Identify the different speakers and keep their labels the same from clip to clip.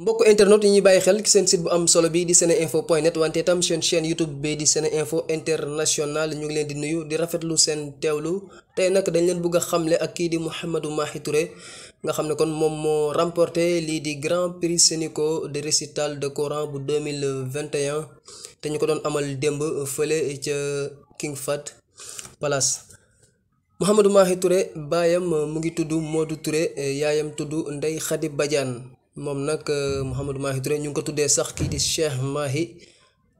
Speaker 1: mbokk internet yi ñuy bàyyi xel ci seen site bu am solo bi di seen info point net wante tam seen chaîne youtube bi di sene info international ñu ngi leen di nuyu di rafetlu seen teewlu tey nag dañu leen bëgg a xamle ak kii di Mouhamadou Mahi Touré nga xam ne kon moom moo remporté lii di grand prix Sénico de récital de courant bu 2021 te ñu ko doon amal démb fële ca King Fahd Palace Mouhamadou Mahi Touré baayam mu ngi tudd Modou Touré yaayam tudd Ndeye Khady Badiane moom nag euh, Mouhamadou Mahi Touré ñu ngi ko tuddee sax kii di Cheikh Mahi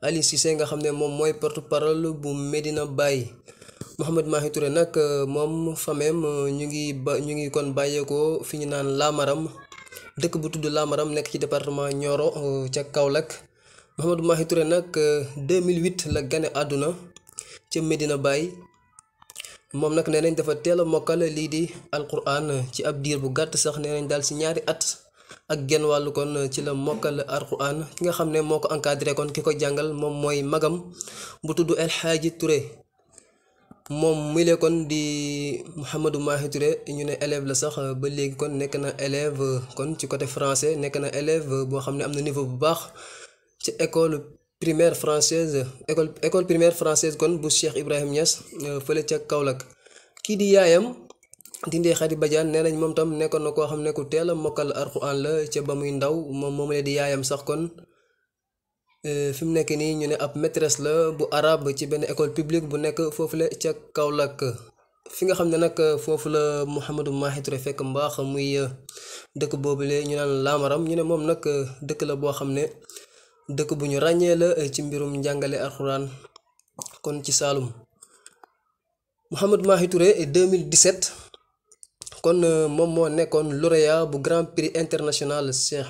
Speaker 1: Ali Cissé nga xam ne moom mooy porte-parole bu Medina bàyyi Mouhamadou Mahi Touré nag euh, moom fameem euh, ñu ngi ba ñu ngi kon bàyyeekoo fi ñu naan laamaram dëkk bu tudd Lamaram nekk ci département Nioro ca Kaolack Mouhamadou Mahi Touré nag 2008 la gane àdduna ca Medina bàyyi moom nag nee nañ dafa teel a mokkal lii di alquran ci ab diir bu gàtt sax nee nañ daal si ñaari at. ak genn wàllu kon ci la mokkal alquran ki nga xam ne moo ko encadré kon ki ko jàngal moom mooy magam bu tudd El Hadji Touré moom muy le kon di Mouhamadou Mahi ture ñu ne élève la sax ba léegi kon nekk na élève kon ci côté français nekk na élève boo xam ne am na niveau bu baax ci école primaire française école école primaire française kon bu Cheikh Ibrahim Niass euh, fële ca Kaolack kii di yaayam. Tindé Khady Badiane nee nañ moom tam nekkoon na koo xam ne ku teel a mokkal alxuraan la ca ba muy ndaw moom moom la di yaayam sax kon euh, fi mu nekk nii ñu ne ab maîtresse la bu arabe ci benn école publique bu nekk foofu la ca Kaolack. fi nga xam ne nag foofu la Mouhamadou Mahi fekk mbaax muy euh, dëkk boobu boobule ñu naan laamaram ñu ne moom nag dëkk la boo xam ne dëkk bu ñu ràññee la ci mbirum njàngale alxuraan kon ci Saalum Mouhamadou Mahi Touré 2017. kon euh, moom moo nekkoon lauréat bu grand prix international Cheikh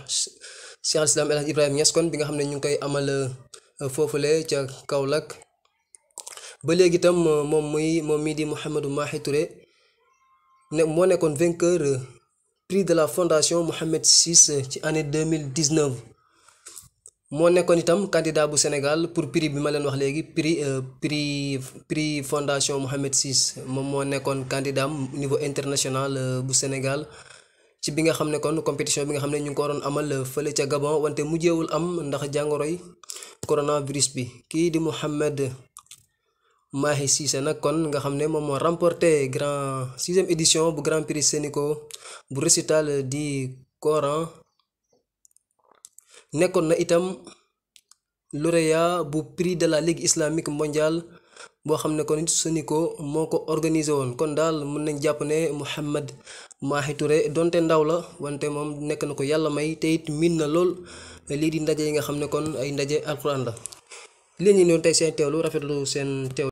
Speaker 1: Cheikh al Islam El Hadj Ibrahima Niass kon bi nga xam ne ñu ngi koy amal euh, foofule ca Kaolack ba léegi tam euh, moom muy moom mii di Mouhamadou Mahi ture ne moo nekkoon vainqueur prix de la fondation Mohammed VI ci année deux mille dix-neuf moo nekkoon itam candidat bu Sénégal pour prix bi ma leen wax léegi prix euh, prix prix fondation Mohamed VI moom moo nekkoon candidat au niveau international euh, bu Sénégal ci bi nga xam ne kon compétition bi nga xam ne ñu ngi ko waroon amal euh, fële ca Gabon wante mujjeewul am ndax jàngoroy coronavirus bi kii di Mohamed Mahi Cissé nag kon nga xam ne moom moo remporté grand sixième édition bu grand prix Sénico bu récital di Coran. nekkoon na itam lauréat bu prix de la ligue islamique mondiale boo xam ne kon Sonico moo ko organisé woon kon daal mën nañ jàpp ne Mouhamed Mahi Touré donte ndaw la wante moom nekk na ko yàlla may te it miin na lool lii di ndaje yi nga xam ne kon ay ndaje alquran la. lii ñu ñëw tey seen teewlu rafetlu seen teewlu.